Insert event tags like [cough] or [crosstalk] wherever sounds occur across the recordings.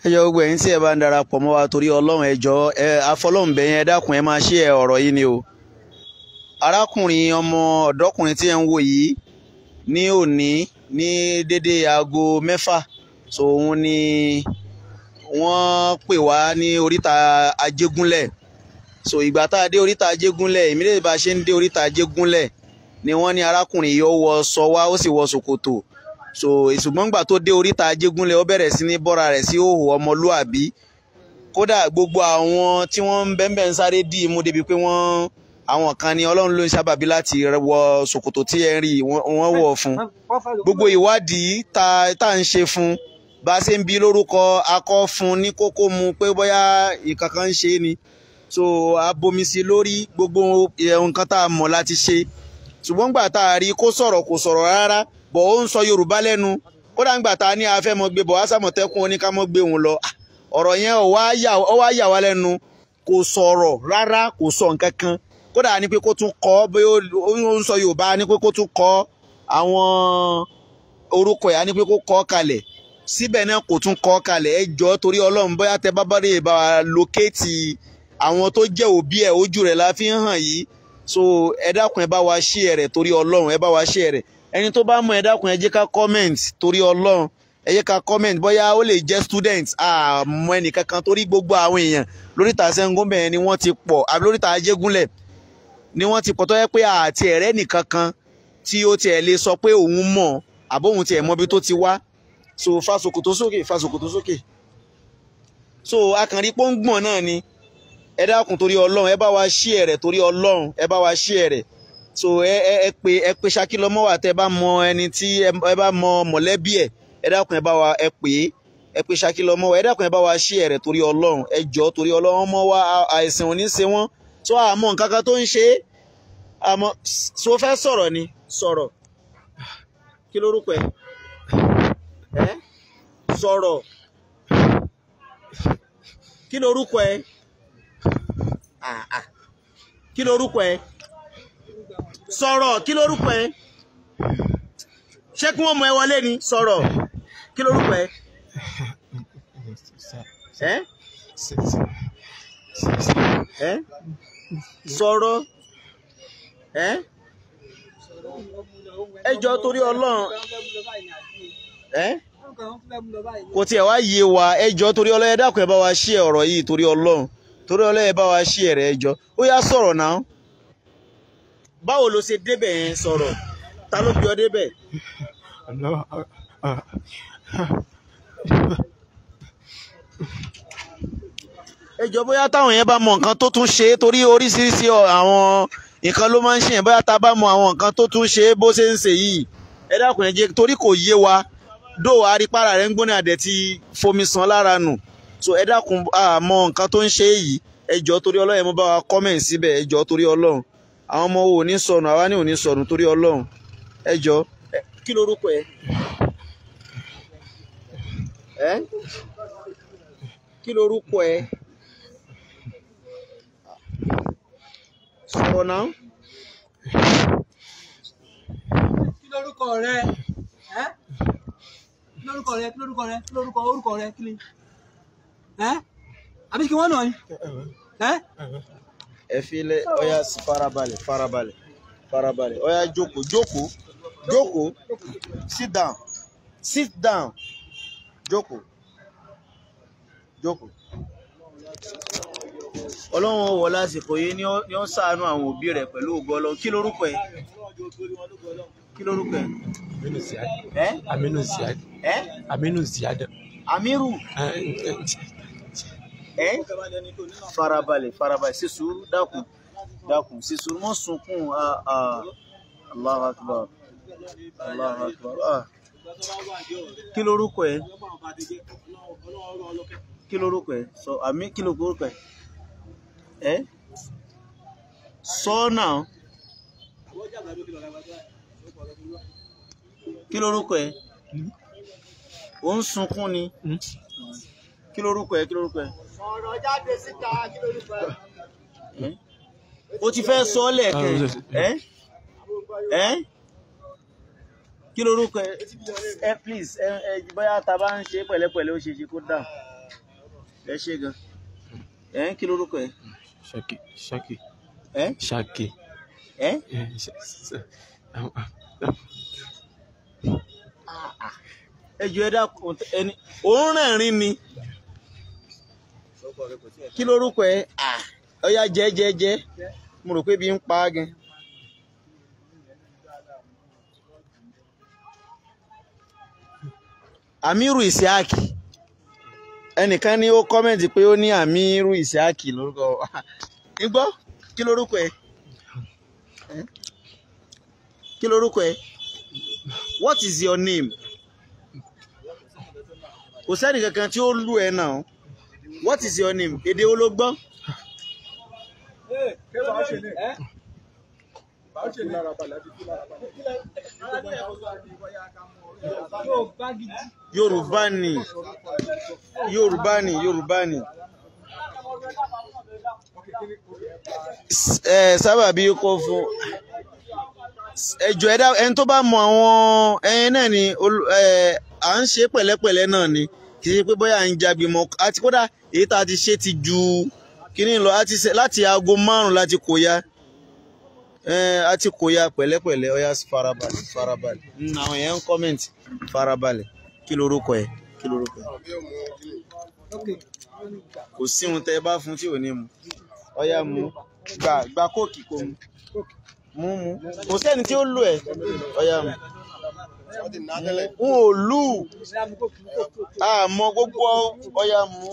ẹ jọ gbogbo ẹ̀yin tí ẹ bá ń darapọ̀ mọ́ wa torí ọlọ́run ẹ jọ ẹ afọlọ́ǹbẹ̀yìn ẹ dákun ẹ máa ṣe ẹ ọ̀rọ̀ yìí ni o arákùnrin ọmọ ọ̀dọ́kùnrin tí ẹ ń wò yìí ní òní ní dédé aago mẹ́fà so òun ni wọ́n pè wá ní oríta ajégúnlẹ̀ so ìgbà tá a dé oríta ajégúnlẹ̀ ìmílẹ̀ bá a ṣe ń dé oríta ajégúnlẹ̀ ni wọ́n ní arákùnrin yìí ó wọ sọ wá ó sì wọ ṣòkòtò. So so ṣùgbọ́n gbà tó dé oríta Ajégúnlẹ̀ ó bẹ̀rẹ̀ sí ní bọ́ra rẹ̀ sí òhò ọmọlúàbí kódà gbogbo àwọn tí wọ́n ń bẹ́ńbẹ́ ń sáré dì í mú débi pé wọ́n àwọn kan ni ọlọ́run ló ń sábàbí láti wọ ṣòkòtò tí ẹ ń rí wọ́n wọ̀ fún gbogbo ìwádìí tá à ń ṣe fún bá a ṣe ń bi lórúkọ akọ fún ní kókó mu pé bóyá ìkankan ń ṣe ni so abomisi lórí gbogbo eh, nǹkan tá a mọ̀ láti ṣe ṣùgbọ́n gbà tá a rí kó sọ̀rọ̀ kò sọ̀rọ̀ rárá bọ̀ ó ń sọ Yorùbá lẹ́nu ó dàgbà ta ni a fẹ́ mọ gbé bọ̀ wá sàmọ̀tẹ́kùn oníká mọ́ gbé òun lọ ah, ọ̀rọ̀ yẹn ó wá yà wá lẹ́nu kò sọ̀rọ̀ rárá kò sọ nǹkan kan kódà ni pé kó tún kọ́ bí ó ń sọ Yorùbá ni pé kó tún kọ́ àwọn orúkọ ẹ̀ ni pé kó kọ́ kalẹ̀ síbẹ̀ náà kò tún kọ́ kalẹ̀ ẹ jọ torí Ọlọ́run bóyá tẹ bábá rè bá lókèétì àwọn tó jẹ́ òbí ẹ̀ ojú rẹ̀ la fi ń hàn yìí so ẹ dákun ẹ bá wa share rẹ̀ torí ọlọ́run ẹ bá wa share rẹ̀ ẹni tó bá mọ̀ ẹ dákun ẹ jẹ́ ká comment torí ọlọ́run ẹ jẹ́ ká comment bóyá ó lè jẹ́ student àmọ́ ẹnìkankan torí gbogbo àwọn èèyàn lóríta sẹ́ńgúnbẹ̀ ni wọ́n ti pọ̀ àbí lóríta ajégúnlẹ̀ ni wọ́n ti pọ̀ tó yẹ pé àti ẹ̀rẹ́ nìkankan tí ó tiẹ̀ lè sọ pé òun mọ̀ àbóhun tiẹ̀ mọ̀ bí tó ti wá so fasokoto sókè fasokoto sókè so akànrí pọ́ngbọ̀n náà ni ẹ dákun torí ọlọ́run ẹ bá wa share rẹ̀ torí ọlọ́run ẹ bá wa share rẹ̀ so ẹ ẹ ẹ pe ẹ pe Ṣakí Lọ́mọ́wà tẹ bá mọ ẹni tí ẹ bá mọ mọ̀lẹ́bí ẹ ẹ dákun ẹ bá wa ẹ pè é ẹ pe Ṣakí Lọ́mọ́wà ẹ dákun ẹ bá wa share rẹ̀ torí ọlọ́run ẹ jọ̀ọ́ torí ọlọ́run mọ́ wa àìsàn ò ní ṣe wọ́n tó àmọ́ nǹkan kan tó ń ṣe é so fẹ́ sọ̀rọ̀ ni sọ̀rọ̀ kí lórúkọ ẹ ẹ sọ̀rọ̀ kí lórúkọ ẹ. Ah, ah. kí lorúkọ ẹ sọ̀rọ̀ kí lorúkọ ẹ ṣé kí wọ́n mú ẹ wọlé ni sọ̀rọ̀ kí lorúkọ ẹ. [laughs] [laughs] sọ̀rọ̀ ẹjọ́ torí ọlọ́run kò tiẹ̀ wá yé wa ẹjọ́ torí ọlọ́run ẹ dákun ẹ bá wa ṣí ọ̀rọ̀ yìí torí ọlọ́run torí ọlọ́yẹ bá wa ṣí ẹ̀rẹ́ ẹjọ́ ó yá sọ̀rọ̀ náà. báwo ló ṣe débẹ̀ yẹn sọ̀rọ̀ ta ló bí ọ débẹ̀. ẹjọ́ bóyá táwọn yẹn bá mọ nǹkan tó tún ṣe torí oríṣiríṣi àwọn nǹkan ló máa ń ṣe yẹn bóyá tá a bá mọ àwọn nǹkan tó tún ṣe bó ṣe ń ṣe yìí ẹ dákun ẹ jẹ́ torí kò yé wa dóò arípára rẹ ń gbóná adẹ ti fomi sàn lára nù. No so ẹ dákun àmọ́ nǹkan tó ń ṣe yìí ẹ jọ̀ọ́ torí Ọlọ́run ẹ mú bá wa comment síbẹ̀ ẹ jọ̀ọ́ torí Ọlọ́run àwọn ọmọ wo ò ní sọnù àwa ní ò ní sọnù torí Ọlọ́run ẹ jọ̀ọ́ kí lorúkọ ẹ ẹ kí lorúkọ ẹ sọ̀rọ̀ náà. kí lorúkọ rẹ ẹ kí lorúkọ rẹ kí lorúkọ rẹ kí lorúkọ orúkọ rẹ kí ni. Eh? àbí kí wọ́n nà ọ́ ni. Eh, eh, ẹ filẹ ọyà farabalẹ̀ farabalẹ̀ farabalẹ̀ ọyà joko joko joko sit down sit down jókòó jókòó ọlọ́run wọ lásìkò yìí ni ó ń ṣàánú àwọn òbí rẹ̀ pẹ̀lú ògo ọlọ́run kí lorúkọ ẹ̀ kí lorúkọ ẹ̀. aminu ziyad aminu ziyad aminu ziyad. amiru ẹ́ eh? farabalẹ̀ farabalẹ̀ ṣe sùúrù dákun dákun ṣe sùúrù mọ́ sunkún Allah Akbar Allah Akbar kí lorúkọ ẹ kí lorúkọ ẹ sọ àmì kí lorúkọ ẹ ẹ eh? sọ náà kí lorúkọ ẹ hmm? ó ń sunkún ni hmm? kí lorúkọ ẹ kí lorúkọ ẹ ọ̀rọ̀ jáde síta kí lórúkọ ẹ̀. o ti fẹ́ sọ ọ́ ah, ẹ́ ẹ́ kí lórúkọ ẹ please ẹ ẹ bóyá ta bá ń ṣe pẹ̀lẹ́pẹ̀lẹ́ ó ṣe ṣe kó dà ẹ ṣe gan ẹ kí lórúkọ ẹ. ṣaki ṣaki. ẹ ṣaki. ẹ. ẹ jọ ẹ dákun ẹni òun rẹ̀ ni. kí lorúkọ ẹ ọyá ah. jẹ jẹ jẹ mo rò pé bí n pa á gan. amiru isiaki ẹnìkan ni ó kọ́mẹ̀ntì pé ó ní amiru isiaki lórúkọ igbó kí lorúkọ ẹ kí lorúkọ ẹ what is your name kò sẹ́ni kankan tí ó lù ẹ náà. what is your name èdè wo ló gbọ́. yorùbá ni yorùbá ni yorùbá ni eh, sábà bí kò fún ẹjọ ẹdá ẹni tó bá mọ àwọn ẹyin náà ni eh, à ń ṣe pẹ̀lẹ́pẹ̀lẹ́ náà ni kì í ṣe pé bóyá ń jagbe mọ́ àti kódà èyí tá a ti ṣe ti ju kíní lọ láti aago márùn láti kò ya àti kò ya pẹ̀lẹ́pẹ̀lẹ́ ọ̀yà farabalẹ̀ farabalẹ̀ hmm, àwọn èèyàn ń kọ́mẹ̀ntì farabalẹ̀ kí lorúkọ ẹ̀ kí lorúkọ ẹ̀ kò sí ohun tẹ bá fún tí ò ní mu ọ̀yà mu gba gba kóòkì kò mu mu kò sẹ́ni tí ó lò ẹ̀ ọ̀yà mu n ò lù àmọ́ gbogbo ọ̀yà mú.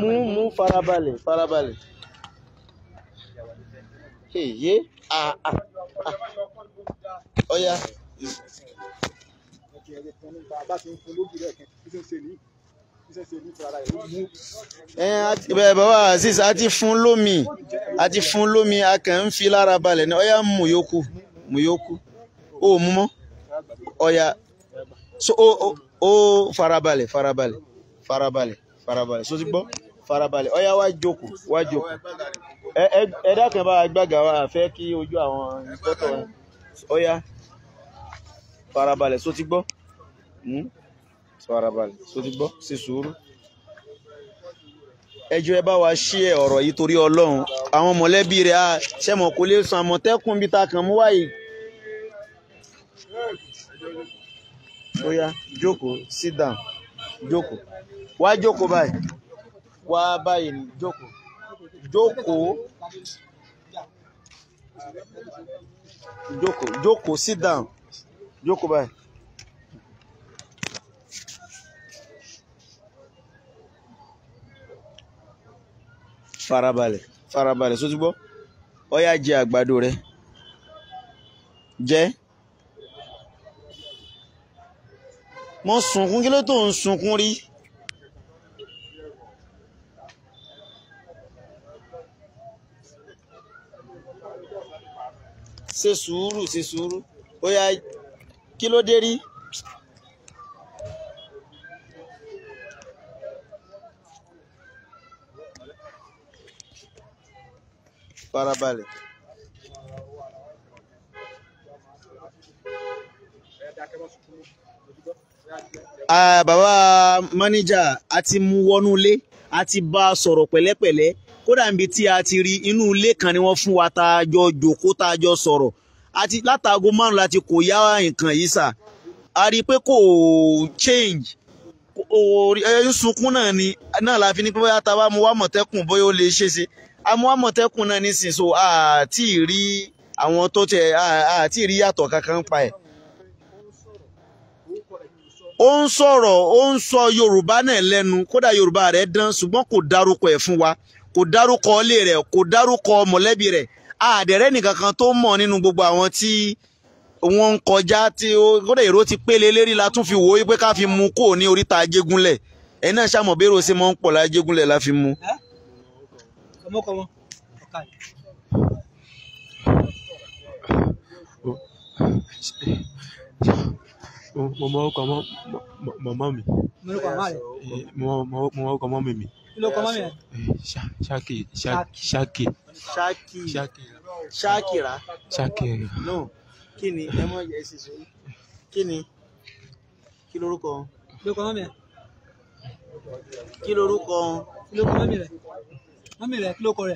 mú mú farabalẹ̀ farabalẹ̀ èyí àà ọ̀yà. Bá bàbá azeez a ti fún lómi a ti fún lómi a kàn ń fi lára balẹ̀ ní ọ̀yà mú yòókù mú yòókù ó mú mọ́ ọ̀yà so ó ó farabalẹ̀ farabalẹ̀ farabalẹ̀ farabalẹ̀ so ti gbọ́ farabalẹ̀ ọ̀yà wá jókòó wá jókòó ẹ dákun bá gbàgà wa fẹ́ kí ojú àwọn ìfọ́tọ̀ ọ̀yà farabalẹ̀ so ti gbọ́. Hmm? sọ ara balẹ̀ tó ti gbọ́ sí sùúrù ẹjọ́ ẹ bá wa ṣí ẹ ọ̀rọ̀ yìí torí ọlọ́run àwọn mọ̀lẹ́bí rẹ̀ á ṣẹ́mọ̀ kó lè san àmọ̀tẹ́kùn bíi ta kàn mú wáyé. bóyá jókòó sit down jókòó wá jókòó báyìí wá báyìí ní jókòó jókòó jókòó jókòó sit down jókòó báyìí. farabalẹ̀ farabalẹ̀ sótú gbọ́ ó yá jẹ àgbàdo rẹ jẹ mo sunkún kí ló tó ń sunkún rí. ṣe sùúrù ṣe sùúrù ó yá rí. farabalẹ̀. Uh, bàbá mánìjà a ti mú wọnú ilé a ti bá a sọ̀rọ̀ pẹ̀lẹ́pẹ̀lẹ́ kódà níbi tí a ti rí inú ilé kan ni wọ́n fún wa tá a jọ jòkó tá a jọ sọ̀rọ̀ àti látàgò márùn láti kò yá nǹkan yìí sà a rí i pé kò change ẹ ń sunkún náà ni náà la fi ní pé bóyá tá a bá mu wá mọ̀tẹ́kùn bóyá ó lè ṣe é ṣe àmọ́ àmọ̀tẹ́kùn náà nísìnyí so àti rí àwọn tó tẹ àti rí yàtọ̀ kankan pa ẹ̀. ó ń sọ̀rọ̀ ó ń sọ yorùbá náà lẹ́nu kódà yorùbá rẹ̀ dán ṣùgbọ́n kò dárúkọ ẹ̀ fún wa kò dárúkọ ilé rẹ̀ kò dárúkọ mọ̀lẹ́bí rẹ̀ àdẹ̀rẹ́ nìkan kan tó mọ̀ nínú gbogbo àwọn tí wọ́n ń kọjá tí kódà èrò ti pélé lérí la tún fi wò ó pé ká fi mú kó ní oríta ajégúnlẹ̀ ẹ̀ náà ṣàmọ̀bẹ́rò ṣe mọ́ ń pọ̀ lájégúnlẹ̀ la fi mú. Como, como? Calma. Mo mọ orúkọ mọ́mọ́ mi. Mo orúkọ mọ́mọ́ mi. Mo orúkọ mọ́mọ́ mi. Kí ló kọ mọ́mọ́ yẹn? Ṣáàkì. Ṣáàkì. Ṣáàkì. Ṣáàkì rà. Ṣáàkì rà. No, kí ni ẹ mọ ẹ sì sọ? Kí ni? Kí lorúkọ? Kí lorúkọ mọ́mọ́ yẹn? Kí lorúkọ? Kí lorúkọ mọ́mọ́ yẹn? আমি ব্যাকলো করে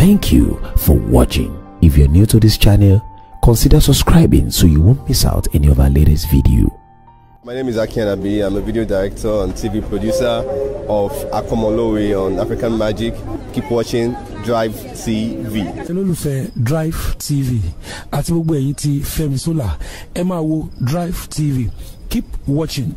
Thank you for watching. If you're new to this channel, consider subscribing so you won't miss out any of our latest video. My name is Akian Abi. I'm a video director and TV producer of Akomolowe on African Magic. Keep watching Drive TV. olólùfẹ́ Drive TV àti gbogbo ẹ̀yin Fẹ́mi Sola Emma wo Drive TV. Keep watching.